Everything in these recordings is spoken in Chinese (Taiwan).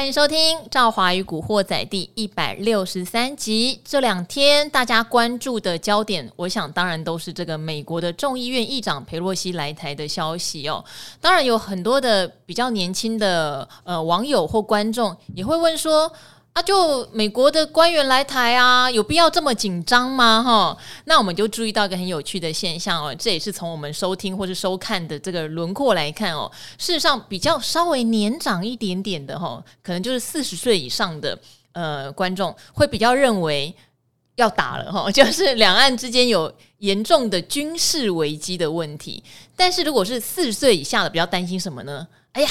歡迎收聽《趙華與古惑仔》第一百六十三集。這兩天大家關注的焦點，我想當然都是這個美國的眾議院議長裴洛西來台的消息哦。當然，有很多的比較年輕的呃網友或觀眾也會問說，那、啊、就美國的官員來台啊，有必要這麼緊張嗎？哈，那我們就注意到一個很有趣的現象哦。這也是從我們收聽或是收看的這個輪廓來看哦。事實上，比較稍微年長一點點的哈，可能就是四十歲以上的呃觀眾會比較認為要打了哈，就是兩岸之間有嚴重的軍事危機的問題。但是如果是四十歲以下的，比較擔心什麼呢？哎呀。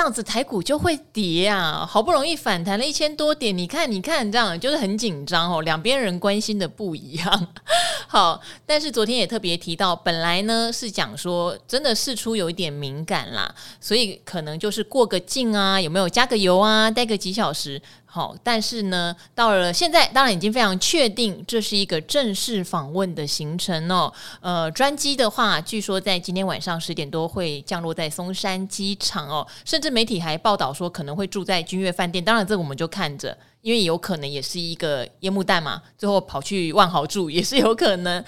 這樣子台股就會跌啊！好不容易反彈了一千多點，你看，你看，這樣就是很緊張哦。兩邊人關心的不一樣。 好，但是昨天也特別提到，本來呢是講說，真的事出有一點敏感啦，所以可能就是過個境啊，有沒有加個油啊，待個幾小時。好，但是呢，到了現在，當然已經非常確定，這是一個正式訪問的行程哦。呃，專機的話，據說在今天晚上十點多會降落在松山機場哦，甚至媒體還報道說可能會住在君悅飯店。當然，這個我們就看着。因為有可能也是一個煙幕彈嘛，最後跑去萬豪住也是有可能。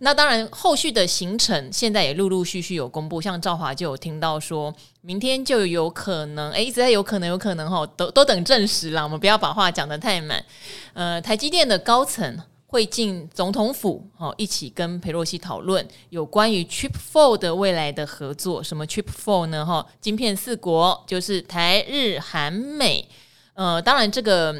那當然，後續的行程現在也陸陸續續有公布，像趙華就有聽到說，明天就有可能，哎，一直在有可能，有可能哈，都都等證實啦。我們不要把話講得太滿。呃，台積電的高層會進總統府，哦，一起跟裴洛西討論有關於 Chip Four 的未來的合作，什麼 Chip Four 呢？哈，晶片四國就是台日韓美。呃，當然、這個，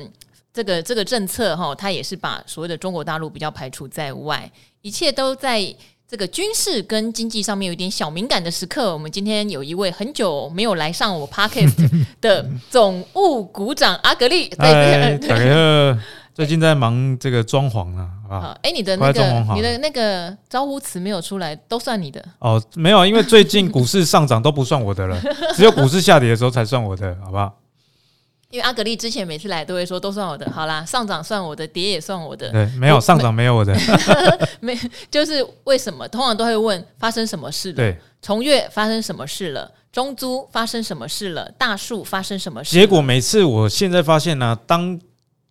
這個這個這個政策哈、哦，它也是把所有的中國大陸比較排除在外，一切都在這個軍事跟經濟上面有一點小敏感的時刻。我們今天有一位很久沒有來上我 Podcast 的總務股長 阿格力，對嗨對對大，最近在忙這個裝潢了啊，哎，你的那個你的那個招呼詞沒有出來，都算你的哦，沒有，因為最近股市上漲都不算我的了， 只有股市下跌的時候才算我的，好不好？因為阿格力之前每次來都會說都算我的，好啦，上漲算我的，跌也算我的。對，沒有我上漲沒有我的， 沒就是為什麼通常都會問發生什麼事了？對，崇越發生什麼事了？中租發生什麼事了？大樹發生什麼事了？結果每次我現在發現呢、啊，當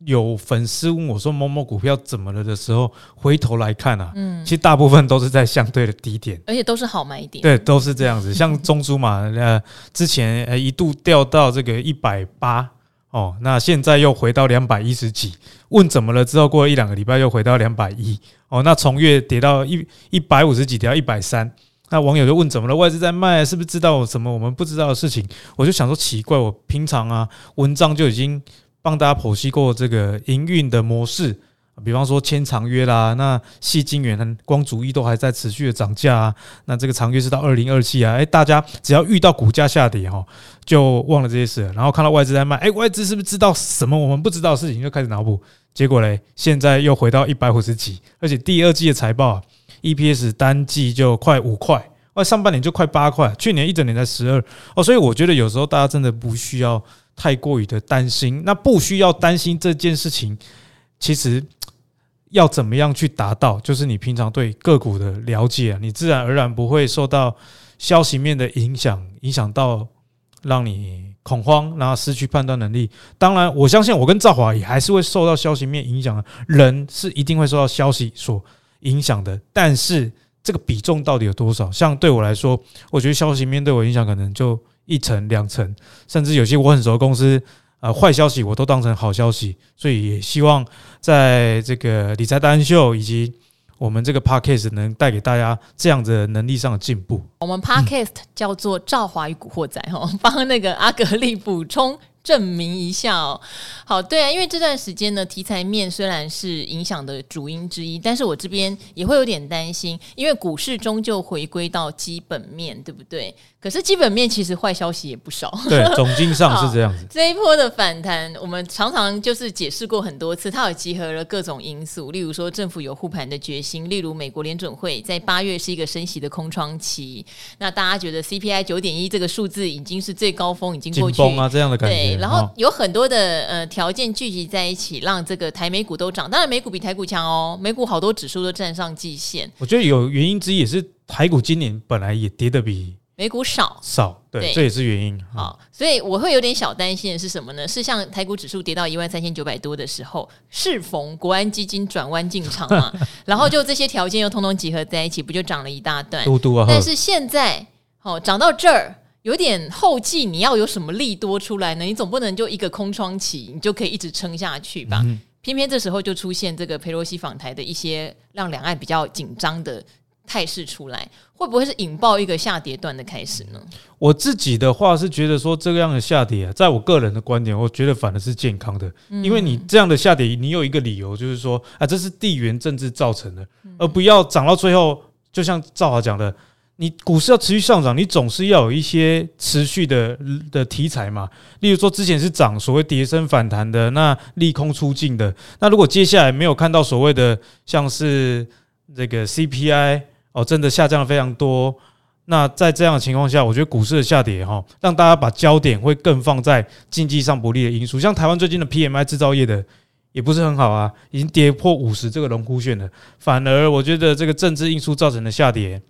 有粉絲問我說某某股票怎麼了的時候，回頭來看啊，嗯，其實大部分都是在相對的低點，而且都是好買一點。對，都是這樣子，像中租嘛， 呃，之前一度掉到這個一百八。哦，那現在又回到兩百一十幾，問怎麼了？之後過了一兩個禮拜又回到兩百一，哦，那從月跌到一一百五十幾，跌到一百三，那網友就問怎麼了？外資在賣，是不是知道什麼我們不知道的事情？我就想說奇怪，我平常啊，文章就已經幫大家剖析過這個營運的模式。比方說簽長約啦，那矽晶圓、光阻液都還在持續的漲價啊。那這個長約是到二零二七啊。誒、欸、大家只要遇到股價下跌哈，就忘了這些事了。然後看到外資在賣，誒、欸、外資是不是知道什麼我們不知道的事情就開始腦補？結果嘞，現在又回到一百五十幾，而且第二季的財報啊，EPS 單季就快五塊，上半年就快八塊，去年一整年才十二哦。所以我覺得有時候大家真的不需要太過於的擔心。那不需要擔心這件事情，其實。要怎麼樣去達到？就是你平常對個股的了解，你自然而然不會受到消息面的影響，影響到讓你恐慌，然後失去判斷能力。當然，我相信我跟趙華也還是會受到消息面影響的，人是一定會受到消息所影響的。但是這個比重到底有多少？像對我來說，我覺得消息面對我影響可能就一成、兩成，甚至有些我很熟的公司。呃，壞消息我都當成好消息，所以也希望在這個理財達人秀以及我們這個 podcast 能帶給大家這樣的能力上的進步、嗯。我們 podcast 叫做《趙華與古惑仔》哈、哦，幫那個阿格力補充證明一下哦。好，對啊，因為這段時間呢，題材面雖然是影響的主因之一，但是我這邊也會有點擔心，因為股市終究回歸到基本面對不對？可是基本面其實壞消息也不少。對，總經上是這樣子。這一波的反彈，我們常常就是解釋過很多次，它有集合了各種因素，例如說政府有護盤的決心，例如美國聯準會在八月是一個升息的空窗期，那大家覺得 CPI 九點一這個數字已經是最高峰，已經過去。這樣的感覺。對，然後有很多的、哦、呃條件聚集在一起，讓這個台美股都漲。當然美股比台股強哦，美股好多指數都站上季線。我覺得有原因之一也是台股今年本來也跌得比。美股少少，對，這對也是原因，嗯，好，所以我會有點小擔心的是什麼呢？是像台股指數跌到一萬三千九百多的時候，適逢國安基金轉彎進場嘛，啊， 然後就這些條件又通通集合在一起，不就漲了一大段？多多啊，但是現在哦，漲到這兒有點後繼，你要有什麼利多出來呢？你總不能就一個空窗期，你就可以一直撐下去吧？嗯，偏偏這時候就出現這個裴洛西訪台的一些讓兩岸比較緊張的。態勢出來，會不會是引爆一個下跌段的開始呢？我自己的話是覺得說，這個樣的下跌，啊，在我個人的觀點，我覺得反而是健康的，嗯、因為你這樣的下跌，你有一個理由就是說，啊，這是地緣政治造成的，嗯、而不要漲到最後，就像趙華講的，你股市要持續上漲，你總是要有一些持續的的題材嘛，例如說之前是漲所謂跌深反彈的，那利空出盡的，那如果接下來沒有看到所謂的像是這個 CPI。哦，真的下降了非常多。那在這樣的情況下，我覺得股市的下跌哈、哦，讓大家把焦點會更放在經濟上不利的因素，像台灣最近的 PMI 製造業的也不是很好啊，已經跌破五十這個榮枯線了。反而我覺得這個政治因素造成的下跌，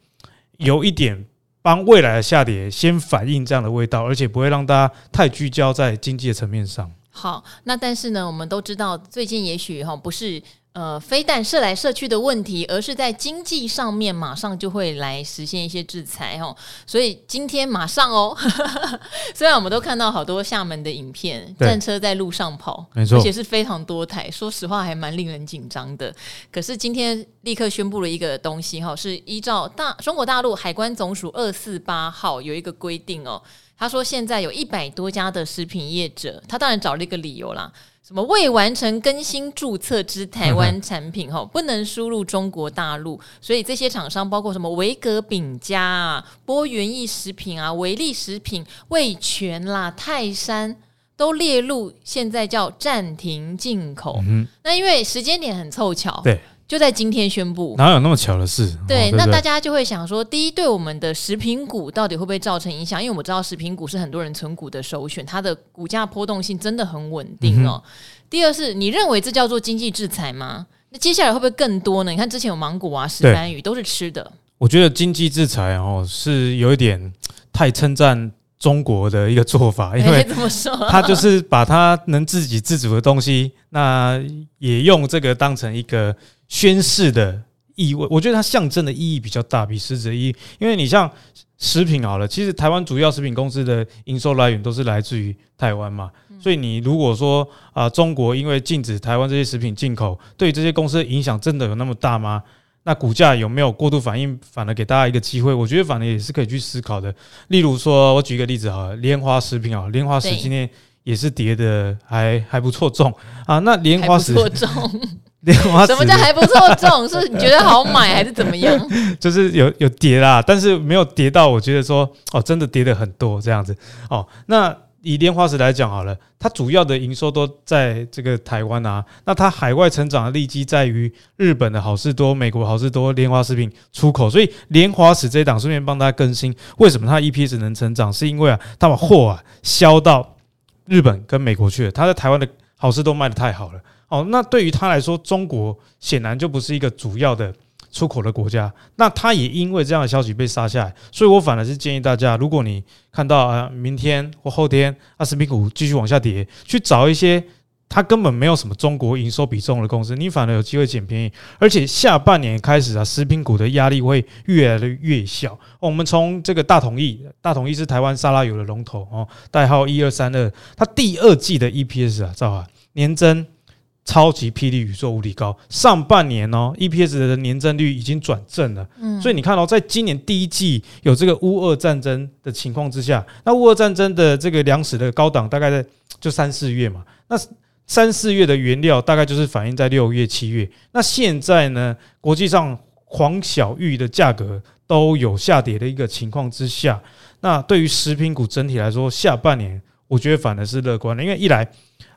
有一點幫未來的下跌先反映這樣的味道，而且不會讓大家太聚焦在經濟的層面上。好，那但是呢，我們都知道最近也許哈不是。呃，非但射來射去的問題，而是在經濟上面馬上就會來實現一些制裁哦。所以今天馬上哦，呵呵雖然我們都看到好多廈門的影片，對戰車在路上跑，錯而且是非常多台，說實話還蠻令人緊張的。可是今天立刻宣布了一個東西哈、哦，是依照大中國大陸海關總署二四八號有一個規定哦，他說現在有一百多家的食品業者，他當然找了一個理由啦。什麼未完成更新注冊之台灣產品，吼、嗯、哼不能輸入中國大陸。所以這些廠商，包括什麼維格餅家啊、郭元益食品啊、維力食品、味全啦、泰山，都列入現在叫暫停進口。嗯、哼那因為時間點很湊巧。對。就在今天宣佈，哪有那麼巧的事？對，哦、對對對，那大家就會想說：第一，對我們的食品股到底會不會造成影響？因為我們知道食品股是很多人存股的首選，它的股價波動性真的很穩定哦。嗯、哼第二是，是你認為這叫做經濟制裁嗎？那接下來會不會更多呢？你看之前有芒果啊、石斑魚對都是吃的。我覺得經濟制裁哦是有一點太稱讚中國的一個做法，因為他就是把他能自己自主的東西，那也用這個當成一個。宣誓的意味，我覺得它象徵的意義比較大，比實質的意義。因為你像食品好了，其實台灣主要食品公司的營收來源都是來自於台灣嘛，所以你如果說啊，中國因為禁止台灣這些食品進口，對這些公司的影響真的有那麼大嗎？那股價有沒有過度反應，反而給大家一個機會？我覺得反而也是可以去思考的。例如說，我舉一個例子好了，蓮花食品啊，蓮花食品今天，也是跌的還還不錯重啊，那蓮花石， 什麼叫還不錯重？ 是你覺得好買還是怎麼樣？ 就是有有跌啦，但是沒有跌到，我覺得說哦，真的跌的很多這樣子哦。那以蓮花石來講好了，它主要的營收都在這個台灣啊，那它海外成長的利基在於日本的好市多、美國好市多蓮花食品出口，所以蓮花石這一檔順便幫大家更新，為什麼它 EPS 能成長？是因為啊，它把貨啊銷到。日本跟美國去了，他在台灣的好事都賣得太好了哦。那對於他來說，中國顯然就不是一個主要的出口的國家。那他也因為這樣的消息被殺下來，所以我反而是建議大家，如果你看到啊、呃，明天或後天食品股繼續往下跌，去找一些。它根本沒有什麼中國營收比重的公司，你反而有機會撿便宜。而且下半年開始啊，食品股的壓力會越來越小。我們從這個大統益，大統益是台灣沙拉油的龍頭哦，代號一二三二。它第二季的 EPS 啊，造啊，年增超級霹靂宇宙無敵高。上半年哦，EPS 的年增率已經轉正了。嗯、所以你看哦，在今年第一季有這個烏俄戰爭的情況之下，那烏俄戰爭的這個糧食的高檔大概在就三四月嘛，那。三四月的原料大概就是反映在六月、七月。那現在呢，國際上黃小玉的價格都有下跌的一個情況之下，那對於食品股整體來說，下半年我覺得反而是樂觀的，因為一來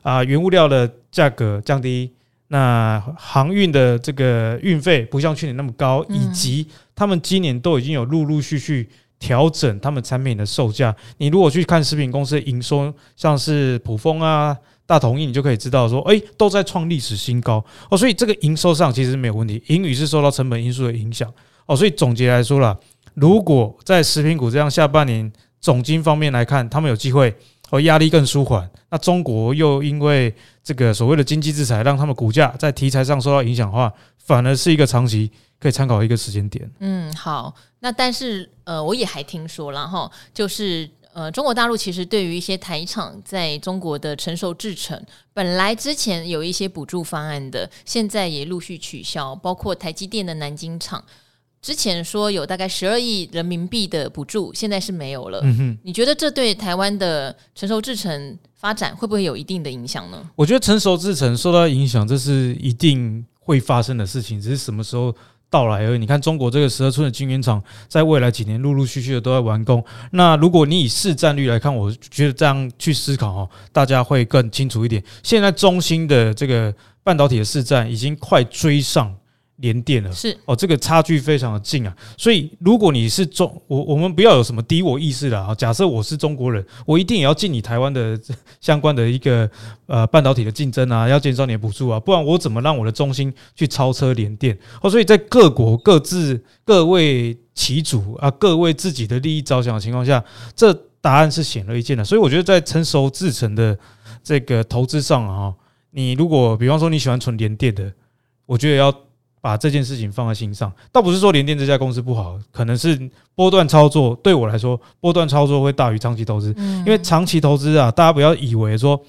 啊、呃，原物料的價格降低，那航運的這個運費不像去年那麼高，以及他們今年都已經有陸陸續續調整他們產品的售價。你如果去看食品公司的營收，像是卜蜂啊。大同意，你就可以知道說，哎、欸，都在創歷史新高哦，所以這個營收上其實沒有問題，盈餘是受到成本因素的影響哦，所以總結來說啦，如果在食品股這樣下半年總經方面來看，他們有機會哦，壓力更舒緩。那中國又因為這個所謂的經濟制裁，讓他們股價在題材上受到影響的話，反而是一個長期可以參考的一個時間點。嗯，好，那但是呃，我也還聽說了哈，就是。呃，中國大陸其實對於一些台廠在中國的成熟製程，本來之前有一些補助方案的，現在也陸續取消，包括台積電的南京廠，之前說有大概十二億人民幣的補助，現在是沒有了。嗯哼，你覺得這對台灣的成熟製程發展會不會有一定的影響呢？我覺得成熟製程受到影響，這是一定會發生的事情，只是什麼時候。到來而已。你看，中國這個十二寸的晶圓廠，在未來幾年陸陸續續的都在完工。那如果你以市占率來看，我覺得這樣去思考大家會更清楚一點。現在中芯的這個半導體的市占已經快追上。聯電了是哦，這個差距非常的近啊，所以如果你是中我我們不要有什麼敵我意識啦。啊，假設我是中國人，我一定也要進你台灣的相關的一個呃半導體的競爭啊，要減少你的補助啊，不然我怎麼讓我的中芯去超車聯電？哦，所以在各國各自各為其主啊，各為自己的利益着想的情況下，這答案是顯而易見的。所以我覺得在成熟製程的這個投資上啊，你如果比方說你喜歡存聯電的，我覺得要。把這件事情放在心上，倒不是說聯電這家公司不好，可能是波段操作對我來說，波段操作會大於長期投資，嗯、因為長期投資啊，大家不要以為說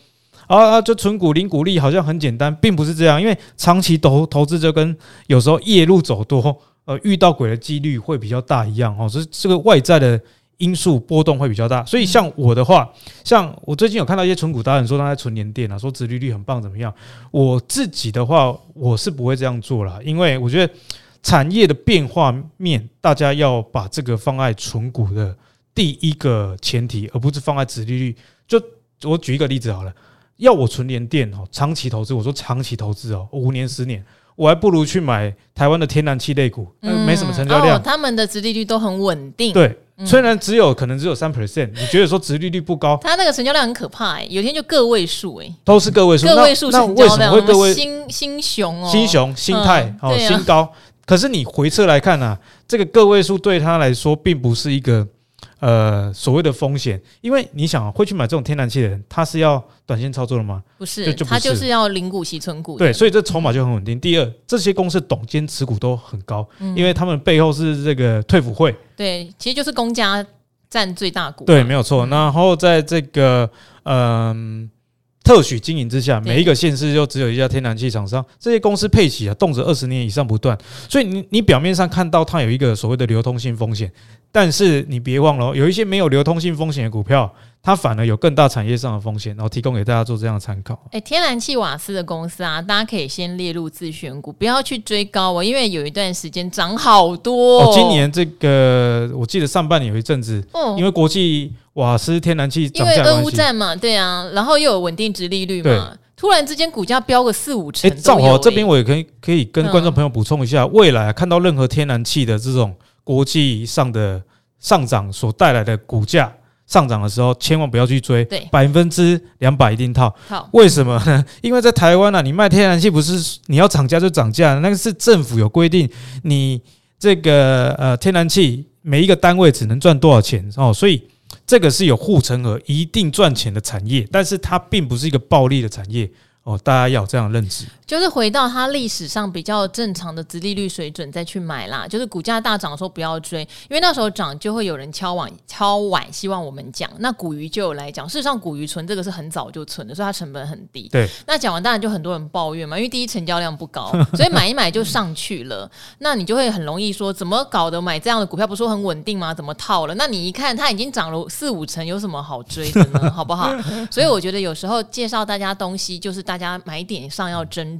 啊啊，就存股零股利好像很簡單，並不是這樣，因為長期投投資就跟有時候夜路走多，呃，遇到鬼的幾率會比較大一樣，哦，所以這個外在的。因素波動會比較大，所以像我的話，像我最近有看到一些存股達人說他在存聯電啊，說殖利率很棒，怎麼樣？我自己的話，我是不會這樣做啦，因為我覺得產業的變化面，大家要把這個放在存股的第一個前提，而不是放在殖利率。就我舉一個例子好了，要我存聯電哦，長期投資，我說長期投資哦，五年十年。我還不如去買台灣的天然氣類股，嗯、沒什麼成交量。哦、他們的殖利率都很穩定。對，嗯、雖然只有可能只有三 percent，你覺得說殖利率不高？它那個成交量很可怕哎、欸，有天就個位數哎、欸，都是個位數。個位數成交量，新新熊哦，新熊心態哦，新高。可是你回測來看啊，這個個位數對他來說並不是一個。呃，所謂的風險，因為你想、啊、會去買這種天然氣的人，他是要短線操作的嗎？不是，就就不是，他就是要領股息、存股。對，所以這籌碼就很穩定。嗯、第二，這些公司董監持股都很高，嗯、因為他們背後是這個退輔會。對，其實就是公家占最大股、啊。對，沒有錯。然後在這個嗯。呃特許經營之下，每一個縣市就只有一家天然氣廠商，對這些公司配息啊，動輒二十年以上不斷。所以你你表面上看到它有一個所謂的流通性風險，但是你別忘了，有一些沒有流通性風險的股票，它反而有更大產業上的風險。然後提供給大家做這樣的參考。誒、欸，天然氣瓦斯的公司啊，大家可以先列入自選股，不要去追高哦，因為有一段時間漲好多哦。哦，今年這個我記得上半年有一陣子，哦、因為國際。哇！是，是天然氣漲價的東西，因為俄烏戰嘛，對啊，然後又有穩定殖利率嘛，對突然之間股價飆個四五成。欸。哎、欸，正好這邊我也可以可以跟觀眾朋友補充一下，嗯、未來、啊、看到任何天然氣的這種國際上的上漲所帶來的股價上漲的時候，千萬不要去追，對，百分之兩百一定套。好套，為什麼呢？因為在台灣呢、啊，你賣天然氣不是你要漲價就漲價，那個是政府有規定，你這個呃天然氣每一個單位只能賺多少錢哦，所以。這個是有護城河、一定賺錢的產業，但是它並不是一個暴利的產業哦，大家要這樣認知。就是回到它歷史上比較正常的殖利率水準再去買啦。就是股價大漲的時候不要追，因為那時候漲就會有人敲碗敲碗，希望我們講。那股魚就有來講，事實上股魚存這個是很早就存的，所以它成本很低。對。那講完當然就很多人抱怨嘛，因為第一成交量不高，所以買一買就上去了。 那你就會很容易說，怎麼搞得買這樣的股票，不是說很穩定嗎？怎麼套了？那你一看它已經漲了四五成，有什麼好追的呢？好不好？ 所以我覺得有時候介紹大家東西，就是大家買點上要真。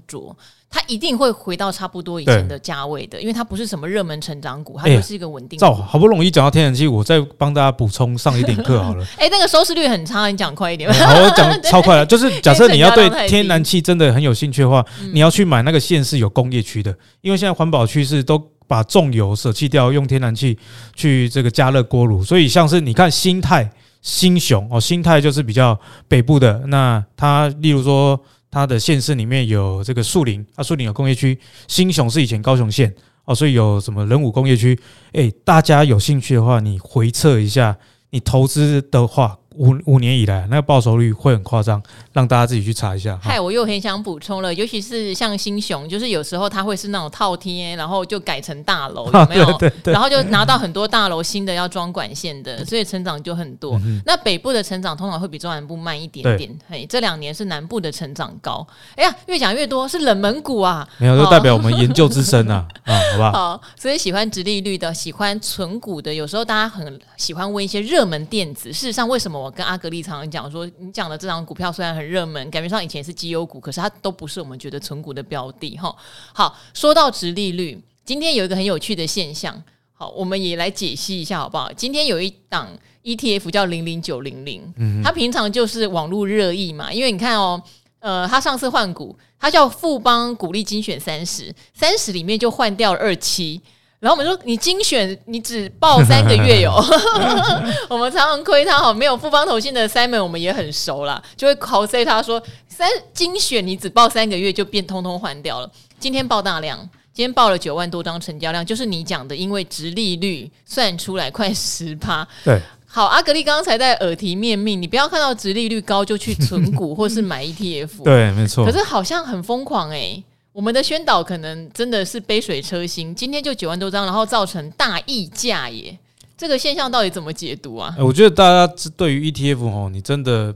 它一定會回到差不多以前的價位的，對因為它不是什麼熱門成長股，它就是一個穩定的。造、欸，好不容易講到天然氣，我再幫大家補充上一點課好了。誒、 欸，那個收視率很差，你講快一點吧、欸。好，我講超快了，對就是假設你要對天然氣真的很有興趣的話，欸、你要去買那個縣市有工業區的，嗯、因為現在環保趨勢都把重油舍棄掉，用天然氣去這個加熱鍋爐。所以像是你看欣泰、欣雄哦，欣泰就是比較北部的，那它例如說。它的縣市裡面有這個樹林，啊樹林有工業區。新雄是以前高雄縣哦，所以有什麼仁武工業區？誒，大家有興趣的話，你回測一下，你投資的話。五五年以來，那個報酬率會很誇張，讓大家自己去查一下。嗨，我又很想補充了，尤其是像新熊，就是有時候它會是那種套貼，然後就改成大樓有沒有？啊、對對對，然後就拿到很多大樓新的要裝管線的，所以成長就很多。嗯、哼那北部的成長通常會比中南部慢一點點。對嘿，這兩年是南部的成長高。哎呀，越講越多，是冷門股啊？沒有，好就代表我們研究之深啊。 啊，好不好？好，所以喜歡殖利率的，喜歡存股的，有時候大家很喜歡問一些熱門電子，事實上為什麼？跟阿格力常常講說，你講的這張股票雖然很熱門，感覺上以前是績優股，可是它都不是我們覺得存股的標的哈。好，說到殖利率，今天有一個很有趣的現象，好，我們也來解析一下好不好？今天有一檔 ETF 叫零零九零零，它平常就是網路熱議嘛，因為你看哦，呃，它上次換股，它叫富邦股勵精選三十，三十裡面就換掉了二七。然後我們說，你精選你只報三個月喲、哦。 我們常常虧他好沒有富邦投信的 Simon，我們也很熟了，就會考塞他說三精選你只報三個月就變通通換掉了。今天爆大量，今天報了九萬多張成交量，就是你講的，因為殖利率算出來快十趴。對，好，阿格力剛才在耳提面命，你不要看到殖利率高就去存股或是買 ETF。 對，沒錯。可是好像很瘋狂哎、欸。我們的宣導可能真的是杯水車薪，今天就九萬多張，然後造成大溢價耶，這個現象到底怎麼解讀啊？呃、我覺得大家是對於 ETF 哦，你真的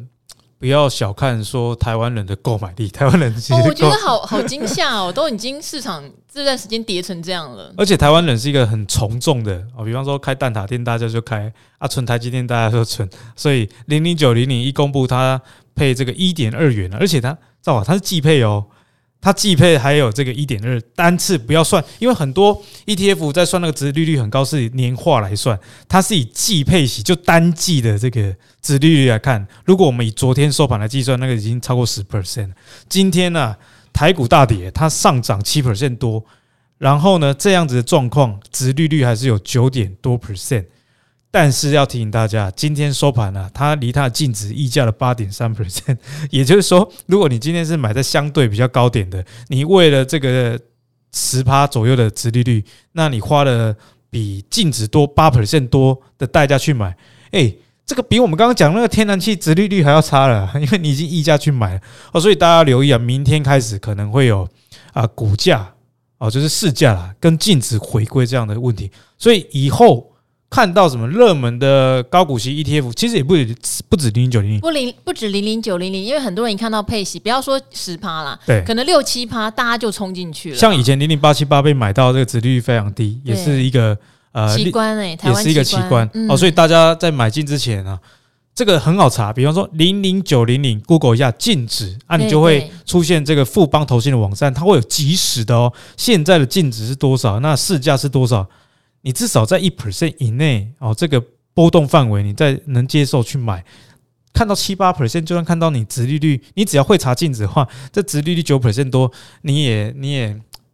不要小看說台灣人的購買力，台灣人其實購、哦、我覺得好好驚嚇哦， 都已經市場這段時間跌成這樣了，而且台灣人是一個很從眾的哦，比方說開蛋撻店大家就開，啊存台積電大家就存，所以零零九零零一公布它配這個一點二元，而且它造化它是季配哦。它季配還有這個一點二單次不要算，因為很多 ETF 在算那個殖利率很高是以年化來算，它是以季配型就單季的這個殖利率來看，如果我們以昨天收盤來計算，那個已經超過十 percent 了，今天呢、啊，台股大跌，它上漲七 percent 多，然後呢，這樣子的狀況，殖利率還是有九點多 percent。但是要提醒大家，今天收盤呢、啊，它離它的淨值溢價了八點三 percent，也就是說，如果你今天是買在相對比較高點的，你為了這個十趴左右的殖利率，那你花了比淨值多八 percent 多的代價去買，誒，這個比我們剛剛講那個天然氣殖利率還要差了、啊，因為你已經溢價去買了哦，所以大家留意啊，明天開始可能會有啊股價哦，就是市價啦跟淨值回歸這樣的問題，所以以後。看到什麼熱門的高股息 ETF，其實也不止不止零零九零零，不零不止零零九零零，因為很多人一看到配息，不要說十趴啦，對可能六七趴，大家就衝進去了。像以前零零八七八被買到，這個殖利率非常低，對也是一個呃奇觀誒、欸，觀，也是一個奇觀、嗯、哦。所以大家在買進之前啊，這個很好查，比方說零零九零零，Google 一下淨值，那、啊、你就會出現這個富邦投信的網站，它會有即時的哦，現在的淨值是多少？那市價是多少？你至少在一 percent 以內哦，這個波動範圍你在能接受去買，看到七八 percent 就算看到你殖利率，你只要會查淨值的話，這殖利率九 percent 多你，你也你也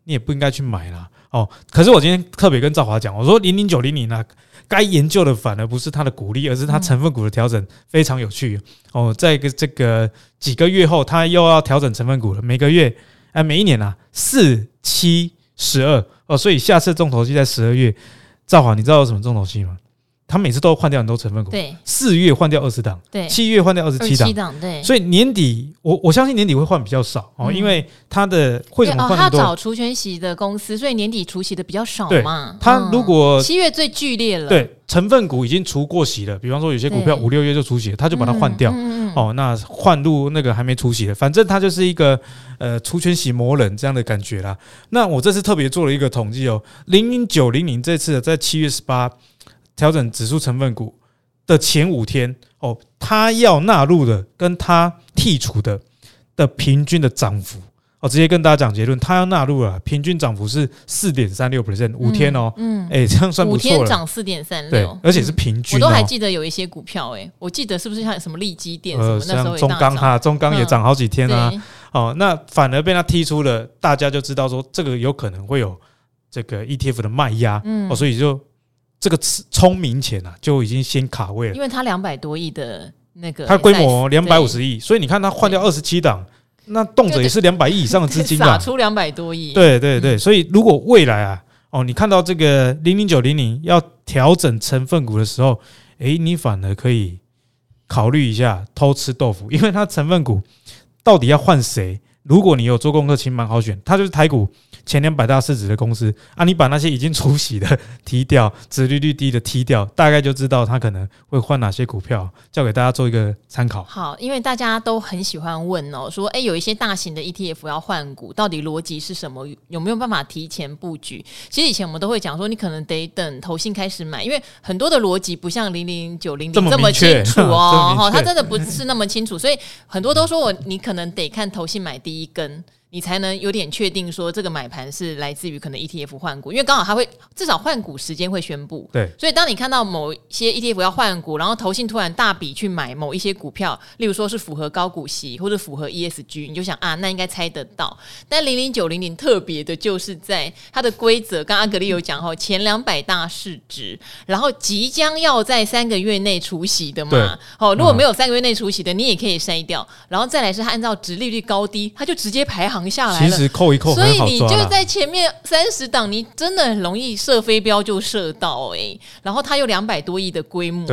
你也不應該去買啦。哦。可是我今天特別跟趙華講，我說零零九零零啊，該研究的反而不是它的股利，而是它成分股的調整非常有趣哦、喔。在一個這個幾個月後，它又要調整成分股了，每個月哎、啊，每一年吶，四七十二。哦，所以下次重頭戲在十二月，造訪，你知道有什麼重頭戲嗎？他每次都換掉很多成分股對，四月換掉二十檔，七對月換掉二十七檔，對，所以年底我我相信年底會換比較少哦，嗯、因為他的會怎麼，麼、哦、他找除權息的公司，所以年底除息的比較少嘛。他如果七、嗯、月最劇烈了，對，成分股已經除過息了，比方說有些股票五六對月就除息，他就把它換掉、嗯嗯嗯、哦。那換入那個還沒除息的，反正他就是一個呃除權息魔人這樣的感覺啦。那我這次特別做了一個統計哦，零零九零零這次在七月十八。調整指數成分股的前五天哦，他要納入的跟他剔除的的平均的漲幅我、哦、直接跟大家講結論，他要納入了、啊、平均漲幅是四點三六 percent，五天哦，嗯，哎、嗯欸，這樣算不錯了，五天漲四點三六，對，而且是平均、哦嗯，我都還記得有一些股票哎、欸，我記得是不是像什麼利基電子呃，像中鋼哈，漲中鋼也漲好幾天啊，嗯、哦，那反而被他剔除了，大家就知道說這個有可能會有這個 ETF 的賣壓，嗯，哦，所以就。這個聰明錢啊，就已經先卡位了，因為它兩百多億的那個，它規模兩百五十億，對對所以你看它換掉二十七檔，對那動輒也是兩百億以上的資金吧，出兩百多億，對對對，所以如果未來啊，哦，你看到這個零零九零零要調整成分股的時候，哎，你反而可以考慮一下偷吃豆腐，因為它成分股到底要換誰？如果你有做功課，其實蠻好選，它就是台股前兩百大市值的公司啊。你把那些已經除息的踢掉，殖利率低的踢掉，大概就知道它可能會換哪些股票，交給大家做一個參考。好，因為大家都很喜歡問哦，說誒、欸、有一些大型的 ETF 要換股，到底邏輯是什麼？有沒有辦法提前布局？其實以前我們都會講說，你可能得等投信開始買，因為很多的邏輯不像00900這麼清楚哦，哈、哦，它真的不是那麼清楚，所以很多都說我你可能得看投信買低，一根。你才能有點確定說這個買盤是來自於可能 ETF 換股，因為剛好它會至少換股時間會宣布。對，所以當你看到某一些 ETF 要換股，然後投信突然大筆去買某一些股票，例如說是符合高股息或者符合 ESG，你就想啊，那應該猜得到。但零零九零零特別的就是在它的規則，剛阿格力有講哦，前兩百大市值，然後即將要在三個月內除息的嘛。對。哦，如果沒有三個月內除息的，你也可以篩掉。然後再來是它按照殖利率高低，它就直接排好扛下來了，其實扣一扣，所以你就在前面三十檔，你真的很容易射飛鏢就射到哎、欸，然後它有兩百多億的規模。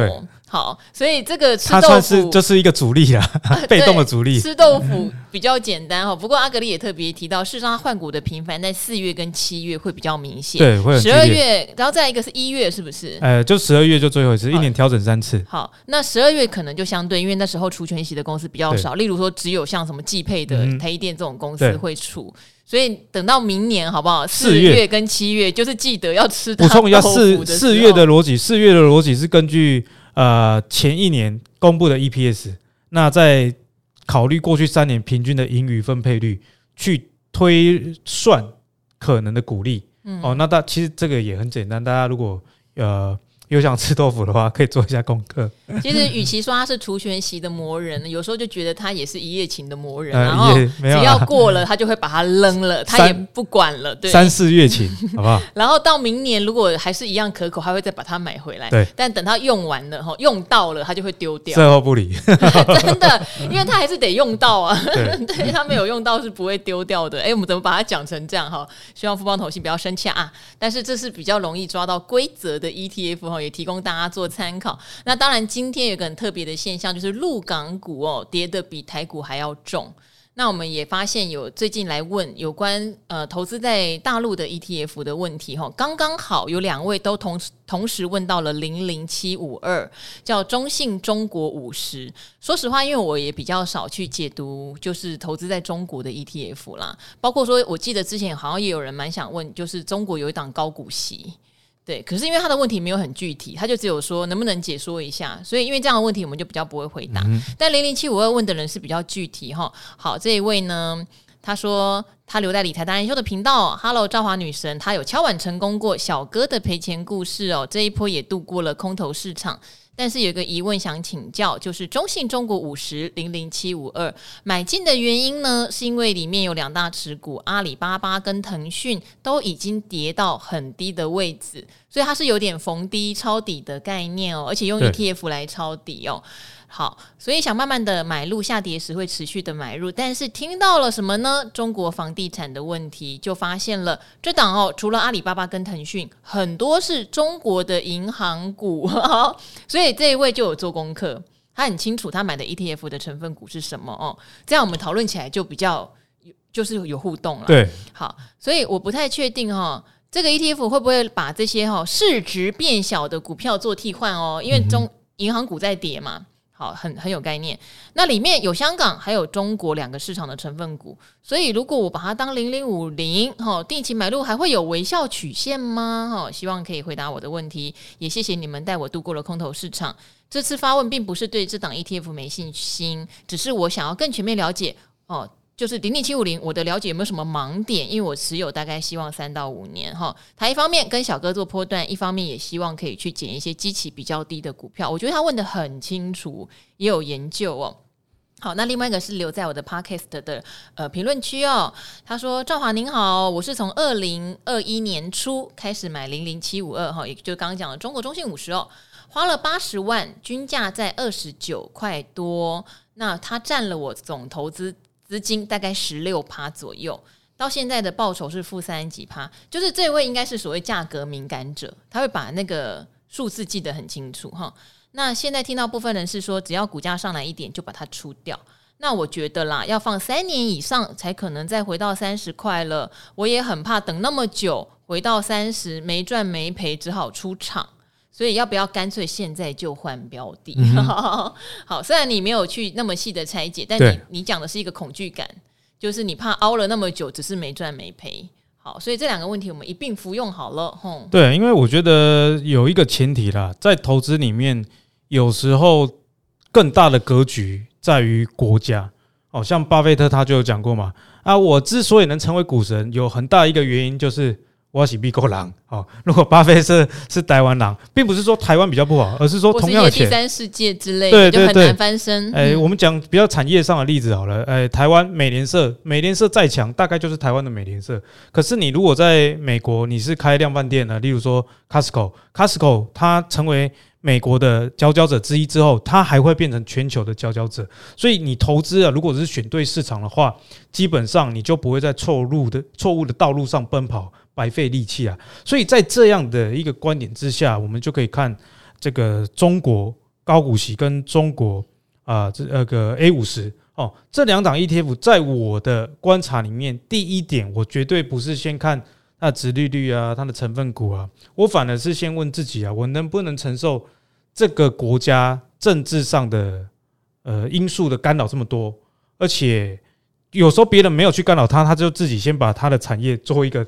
好，所以這個吃豆腐是就是一個主力了，呃、被動的主力。吃豆腐比較簡單，喔、不過阿格力也特別提到，事實上換股的頻繁在四月跟七月會比較明顯，對，會很激烈。十二月，然後再來一個是一月，是不是？呃，就十二月就最後一次，哦、一年調整三次。好，那十二月可能就相對，因為那時候除權息的公司比較少，對例如說只有像什麼季配的台積電這種公司會除。嗯、所以等到明年好不好？四月跟七月就是記得要吃豆腐。補充一下四四月的邏輯，四月的邏輯是根據。呃，前一年公布的 EPS，那在考慮過去三年平均的盈餘分配率，去推算可能的股利。嗯，哦，那大其實這個也很簡單，大家如果呃。有想吃豆腐的話，可以做一下功課。其實，與其說他是除權息的魔人，有時候就覺得他也是一夜情的魔人。然後只要過了，他就會把它扔了，他也不管了。對三,三四月情，好不好？ 然後到明年，如果還是一樣可口，還會再把它買回來。對，但等他用完了，哈，用到了，他就會丟掉，最後不理。 真的，因為他還是得用到啊。對， 對，他沒有用到是不會丟掉的。哎、欸，我們怎麼把它講成這樣哈？希望富邦投信不要生氣啊。但是這是比較容易抓到規則的 ETF 哈。也提供大家做參考。那當然，今天有一個很特別的現象，就是陸港股哦、喔，跌得比台股還要重。那我們也發現有最近來問有關呃投資在大陸的 ETF 的問題吼、喔，剛剛好有兩位都同同時問到了零零七五二，叫中信中國五十。說實話，因為我也比較少去解讀，就是投資在中國的 ETF 啦。包括說，我記得之前好像也有人蠻想問，就是中國有一檔高股息。對，可是因為他的問題沒有很具體，他就只有說能不能解說一下，所以因為這樣的問題我們就比較不會回答。嗯、但零零七五二問的人是比較具體哈。好，這一位呢，他說他留在理財達人秀的頻道。哈嘍，趙華女神，他有敲碗成功過小哥的賠錢故事哦，這一波也度過了空頭市場。但是有個疑問想請教，就是中信中國五十零零七五二買進的原因呢？是因為裡面有兩大持股，阿里巴巴跟騰訊都已經跌到很低的位置，所以它是有點逢低抄底的概念哦，而且用 ETF 來抄底哦。好，所以想慢慢的買入，下跌時會持續的買入。但是聽到了什麼呢？中國房地產的問題，就發現了這檔哦，除了阿里巴巴跟騰訊，很多是中國的銀行股。好，所以這一位就有做功課，他很清楚他買的 ETF 的成分股是什麼哦。這樣我們討論起來就比較有，就是有互動了。對，好，所以我不太確定哈、哦，這個 ETF 會不會把這些哈、哦、市值變小的股票做替換哦？因為中、嗯哼、銀行股在跌嘛。很很有概念，那裡面有香港，還有中國兩個市場的成分股。所以如果我把它當零零五零，吼定期買入還會有微笑曲線嗎？哈，希望可以回答我的問題。也謝謝你們帶我度過了空頭市場。這次發問並不是對這檔 ETF 沒信心，只是我想要更全面了解哦。就是零零七五零，我的了解有沒有什麼盲點？因為我持有大概希望三到五年哈。他一方面跟小哥做波段，一方面也希望可以去撿一些基期比較低的股票。我覺得他問得很清楚，也有研究哦。好，那另外一個是留在我的 podcast 的呃評論區哦。他說：“趙華您好，我是從二零二一年初開始買零零七五二哈，也就剛剛講的中國中信五十哦，花了八十萬，均價在二十九塊多，那它占了我總投資。”資金大概十六趴左右，到現在的報酬是負三幾趴，就是這位應該是所謂價格敏感者，他會把那個數字記得很清楚哈。那現在聽到部分人是說，只要股價上來一點就把它出掉，那我覺得啦，要放三年以上才可能再回到三十塊了。我也很怕等那麼久回到三十沒賺沒賠，只好出場。所以要不要乾脆現在就換標的？嗯、哼 好，雖然你沒有去那麼細的拆解，但你對你講的是一個恐懼感，就是你怕熬了那麼久，只是沒賺沒賠。好，所以這兩個問題我們一併服用好了。吼，對，因為我覺得有一個前提啦，在投資裡面，有時候更大的格局在於國家。哦，像巴菲特他就有講過嘛，啊，我之所以能成為股神，有很大一個原因就是。我是美國郎哦，如果巴菲特是是台灣郎，並不是說台灣比較不好，而是說同樣的錢第三世界之類，對對對，就很難翻身。哎，欸嗯、我們講比較產業上的例子好了。哎、欸，台灣美廉社，美廉社再強，大概就是台灣的美廉社。可是你如果在美國，你是開量販店的，例如說 Costco，Costco co 它成為美國的佼佼者之一之後，它還會變成全球的佼佼者。所以你投資啊，如果是選對市場的話，基本上你就不會在錯誤的錯誤的道路上奔跑。白費力氣啊！所以在這樣的一個觀點之下，我們就可以看這個中國高股息，跟中國啊，這那個 A50 哦，這兩檔 ETF，在我的觀察裡面，第一點我絕對不是先看它的殖利率啊、它的成分股啊，我反而是先問自己啊，我能不能承受這個國家政治上的呃因素的干擾這麼多？而且有時候別人沒有去干擾它，他就自己先把他的產業做一個。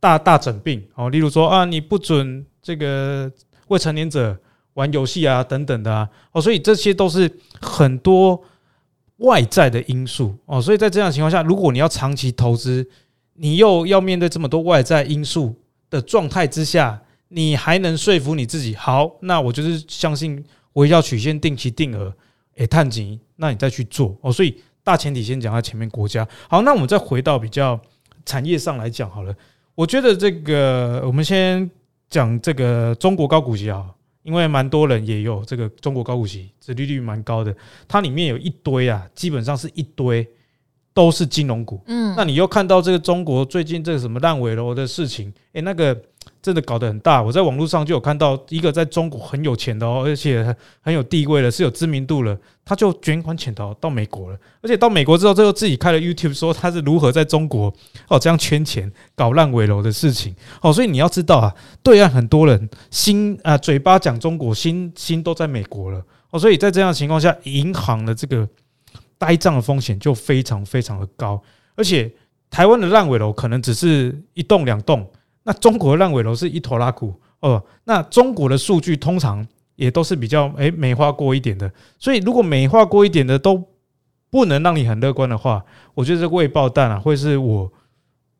大大整病哦，例如說啊，你不准這個未成年者玩遊戲啊，等等的啊，哦，所以這些都是很多外在的因素哦，所以在這樣的情況下，如果你要長期投資，你又要面對這麼多外在因素的狀態之下，你還能說服你自己。好，那我就是相信微笑曲線、定期定額、誒，探級，那你再去做哦。所以大前提先講到前面國家，好，那我們再回到比較產業上來講好了。我覺得這個，我們先講這個中國高股息啊，因為蠻多人也有這個中國高股息，殖利率蠻高的，它裡面有一堆啊，基本上是一堆都是金融股。嗯，那你又看到這個中國最近這個什麼爛尾樓的事情，哎，那個。真的搞得很大，我在網絡上就有看到一個在中國很有錢的哦，而且很，很有地位的，是有知名度的，他就捲款潛逃到美國了，而且到美國之後，最後自己開了 YouTube，說他是如何在中國哦，這樣圈錢搞爛尾樓的事情哦。所以你要知道啊，對岸很多人心啊嘴巴講中國，心心都在美國了哦。所以在這樣的情況下，銀行的這個呆賬的風險就非常非常的高，而且台灣的爛尾樓可能只是一棟兩棟。那中國的爛尾樓是一拖拉庫哦。那中國的數、哦、據通常也都是比較哎、欸、美化過一點的，所以如果美化過一點的都不能讓你很樂觀的話，我覺得這個未爆彈啊，會是我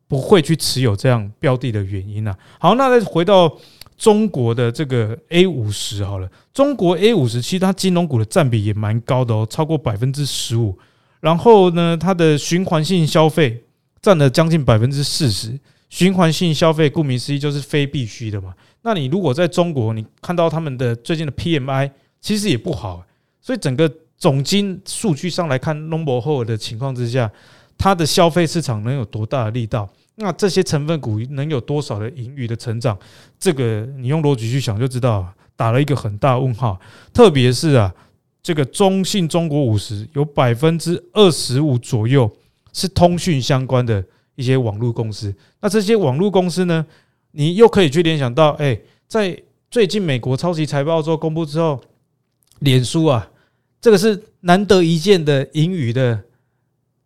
不會去持有這樣標的的原因啊。好，那再回到中國的這個 A 五十好了，中國 A 五十其實它金融股的占比也蠻高的哦，超過百分之十五。然後呢，它的循環性消費占了將近百分之四十。循環性消費，顧名思義就是非必需的嘛。那你如果在中國，你看到他們的最近的 PMI 其實也不好，所以整個總經數據上來看弄不好的情況之下，它的消費市場能有多大的力道？那這些成分股能有多少的盈餘的成長？這個你用邏輯去想就知道了，打了一個很大問號。特別是啊，這個中信中國五十有百分之二十五左右是通訊相關的。一些網絡公司，那這些網絡公司呢？你又可以去聯想到，哎、欸，在最近美國超級財報做公布之後，臉書啊，這個是難得一見的盈餘的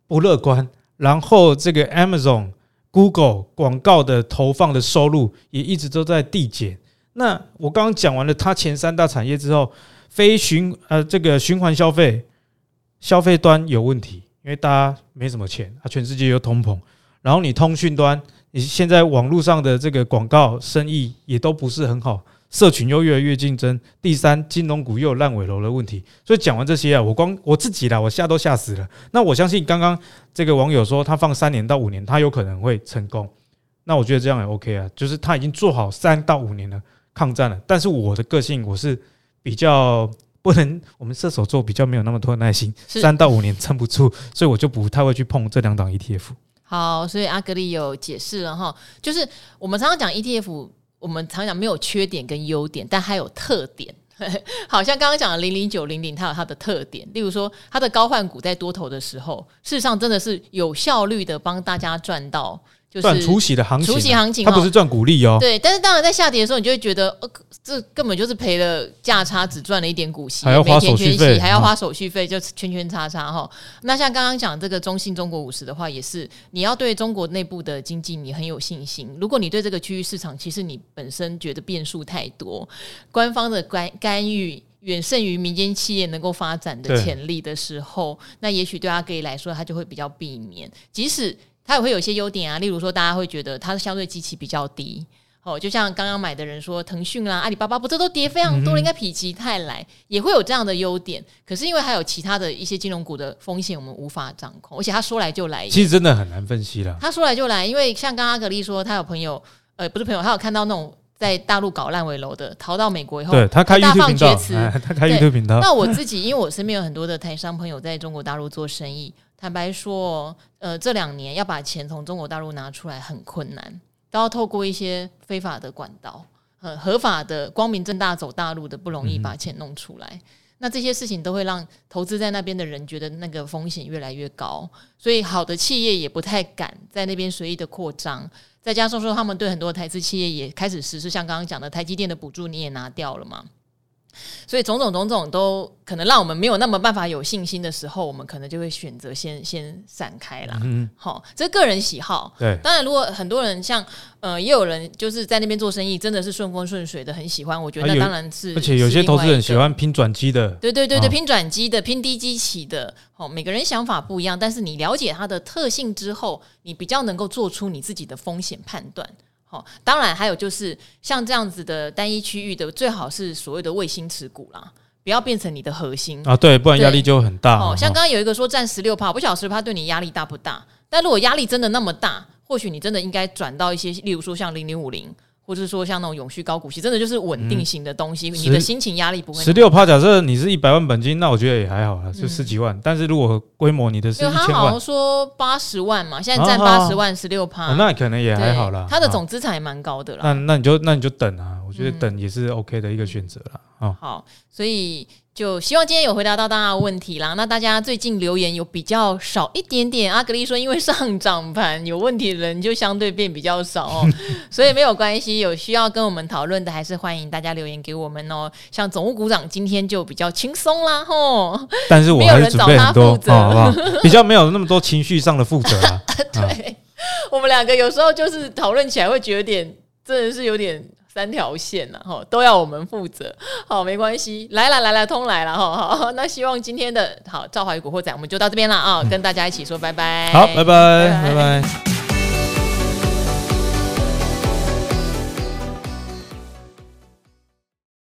不樂觀。然後這個 Amazon、Google 廣告的投放的收入也一直都在遞減。那我剛剛講完了它前三大產業之後，非循呃，這個循環消費消費端有問題，因為大家沒什麼錢，啊、全世界又通膨。然後你通訊端，你現在網絡上的這個廣告生意也都不是很好，社群又越來越競爭。第三，金融股又有爛尾樓的問題。所以講完這些啊，我光我自己啦，我嚇都嚇死了。那我相信剛剛這個網友說，他放三年到五年，他有可能會成功。那我覺得這樣也 OK 啊，就是他已經做好三到五年的抗戰了。但是我的個性我是比較不能，我們射手座比較沒有那麼多耐心，三到五年撐不住，所以我就不太會去碰這兩檔 ETF。好，所以阿格力有解釋了哈，就是我們常常講 ETF，我們常常講沒有缺點跟優點，但它有特點。呵呵，好，像剛剛講的零零九零零，它有它的特點，例如說它的高換股在多頭的時候，事實上真的是有效率的幫大家賺到算除息的行情，啊，除息行情，它不是賺股利哦。對，但是當然在下跌的時候，你就會覺得哦，這根本就是賠了價差，只賺了一點股息，還要花手續費，續還要花手續費，就圈圈叉叉哈。那像剛剛講這個中信中國五十的話，也是你要對中國內部的經濟你很有信心。如果你對這個區域市場，其實你本身覺得變數太多，官方的干干預遠勝於民間企業能夠發展的潛力的時候，對那也許對阿格力來說，他就會比較避免，即使。它也會有一些優點啊，例如說，大家會覺得它相對基期比較低哦。就像剛剛買的人說，騰訊啦、阿里巴巴不，這都跌非常多應該否極泰來，嗯、哼也會有這樣的優點。可是因為還有其他的一些金融股的風險，我們無法掌控，而且它說來就來，其實真的很難分析了。它說來就來，因為像剛剛阿格力說，他有朋友，呃，不是朋友，他有看到那種在大陸搞爛尾樓的逃到美國以後，對他開大放厥詞，開 YouTube 頻道。那我自己，因為我身邊有很多的台商朋友在中國大陸做生意。坦白說，呃，這兩年要把錢從中國大陸拿出來很困難，都要透過一些非法的管道，呃，合法的光明正大走大陸的不容易把錢弄出來。嗯、那這些事情都會讓投資在那邊的人覺得那個風險越來越高，所以好的企業也不太敢在那邊隨意的擴張。再加上說，他們對很多台資企業也開始實施，像剛剛講的，台積電的補助你也拿掉了嘛。所以種種種種都可能讓我們沒有那麼辦法有信心的時候，我們可能就會選擇先先散開了。嗯，嗯，好、哦，這是個人喜好。對，當然如果很多人像呃，也有人就是在那邊做生意，真的是順風順水的，很喜歡。我覺得那當然是，而且有些投資人喜歡拼轉機的，對對對對，哦、拼轉機的，拼低基期的、哦。每個人想法不一樣，但是你了解它的特性之後，你比較能夠做出你自己的風險判斷。哦，當然還有就是像這樣子的單一區域的，最好是所謂的衛星持股啦，不要變成你的核心啊。對，不然壓力就很大。哦，哦像剛剛有一個說佔十六趴，不曉得十六趴對你壓力大不大？但如果壓力真的那麼大，或許你真的應該轉到一些，例如說像零零五零。或者是說像那種永續高股息，真的就是穩定型的東西，嗯、你的心情壓力不會。十六趴，假設你是一百萬本金，那我覺得也還好了，就十幾萬。嗯、但是如果規模你的，因為他好像說八十萬嘛，現在佔八十萬十六趴，那可能也還好啦，他的總資產也蠻高的啦。那那你就那你就等啊，我覺得等也是 OK 的一個選擇了、哦、好，所以。就希望今天有回答到大家的問題啦。那大家最近留言有比較少一點點，阿格力說因為上漲盤有問題，人就相對變比較少、喔， 所以沒有關係。有需要跟我們討論的，還是歡迎大家留言給我們哦、喔。像總務股長今天就比較輕鬆啦齁，吼。但是我還是準備很多沒有人找他負責、哦好好，比較沒有那麼多情緒上的負責、啊 啊。對，啊、我們兩個有時候就是討論起來會覺得有點，真的是有點。三條線呢、啊，吼都要我們負責。好，沒關係，來了來了，通來了，吼好。那希望今天的好趙懷古惑仔，我們就到這邊了啊，跟大家一起說拜拜。嗯、好，拜拜，拜拜。拜拜拜拜。